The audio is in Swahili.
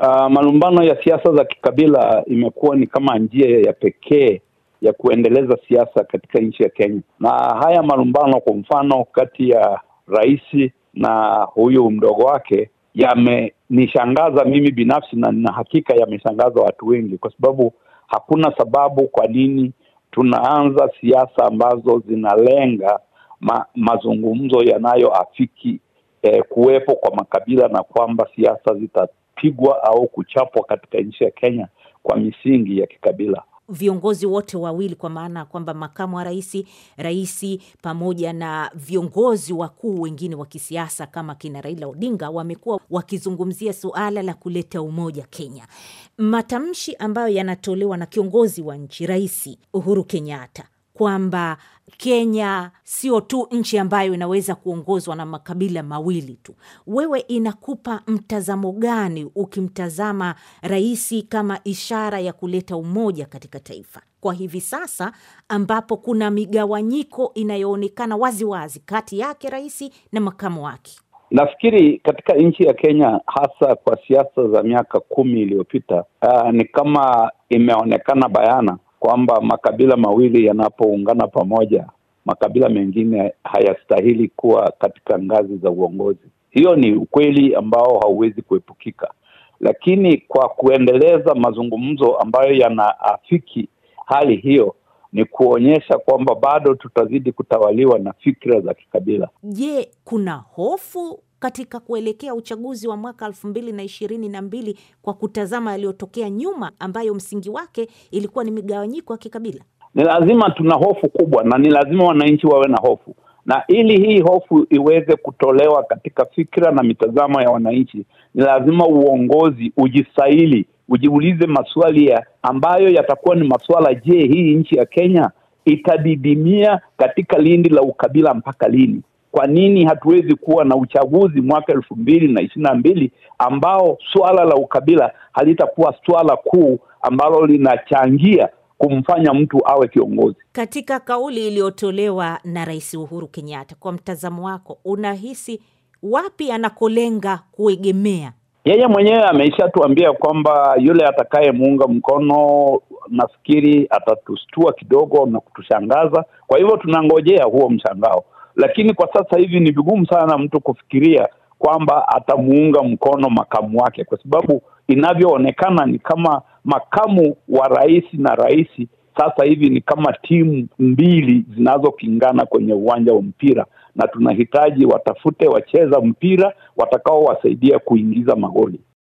Uh, malumbano ya siasa za kikabila imekuwa ni kama njia ya pekee ya kuendeleza siasa katika nchi ya Kenya, na haya malumbano, kwa mfano, kati ya rais na huyu mdogo wake yamenishangaza mimi binafsi, na nina hakika yameshangaza watu wengi, kwa sababu hakuna sababu kwa nini tunaanza siasa ambazo zinalenga ma, mazungumzo yanayoafiki eh, kuwepo kwa makabila na kwamba siasa zita kupigwa au kuchapwa katika nchi ya Kenya kwa misingi ya kikabila. Viongozi wote wawili kwa maana ya kwamba makamu wa rais, rais pamoja na viongozi wakuu wengine wa kisiasa kama kina Raila Odinga wamekuwa wakizungumzia suala la kuleta umoja Kenya. Matamshi ambayo yanatolewa na kiongozi wa nchi, Rais Uhuru Kenyatta kwamba Kenya sio tu nchi ambayo inaweza kuongozwa na makabila mawili tu. Wewe inakupa mtazamo gani ukimtazama raisi kama ishara ya kuleta umoja katika taifa kwa hivi sasa, ambapo kuna migawanyiko inayoonekana waziwazi kati yake raisi na makamo wake? Nafikiri katika nchi ya Kenya hasa kwa siasa za miaka kumi iliyopita, uh, ni kama imeonekana bayana kwamba makabila mawili yanapoungana pamoja, makabila mengine hayastahili kuwa katika ngazi za uongozi. Hiyo ni ukweli ambao hauwezi kuepukika, lakini kwa kuendeleza mazungumzo ambayo yanaafiki hali hiyo ni kuonyesha kwamba bado tutazidi kutawaliwa na fikira za kikabila. Je, kuna hofu katika kuelekea uchaguzi wa mwaka elfu mbili na ishirini na mbili kwa kutazama yaliyotokea nyuma ambayo msingi wake ilikuwa ni migawanyiko ya kikabila? Ni lazima tuna hofu kubwa, na ni lazima wananchi wawe na hofu, na ili hii hofu iweze kutolewa katika fikira na mitazamo ya wananchi, ni lazima uongozi ujistahili, ujiulize maswali ya ambayo yatakuwa ni maswala. Je, hii nchi ya Kenya itadidimia katika lindi la ukabila mpaka lini? Kwa nini hatuwezi kuwa na uchaguzi mwaka elfu mbili na ishirini na mbili ambao suala la ukabila halitakuwa swala kuu ambalo linachangia kumfanya mtu awe kiongozi. Katika kauli iliyotolewa na Rais Uhuru Kenyatta, kwa mtazamo wako, unahisi wapi anakolenga kuegemea? Yeye mwenyewe ameishatuambia kwamba yule atakayemuunga mkono, nafikiri atatustua kidogo na kutushangaza. Kwa hivyo tunangojea huo mshangao lakini kwa sasa hivi ni vigumu sana mtu kufikiria kwamba atamuunga mkono makamu wake, kwa sababu inavyoonekana ni kama makamu wa rais na rais sasa hivi ni kama timu mbili zinazopingana kwenye uwanja wa mpira, na tunahitaji watafute wacheza mpira watakaowasaidia kuingiza magoli.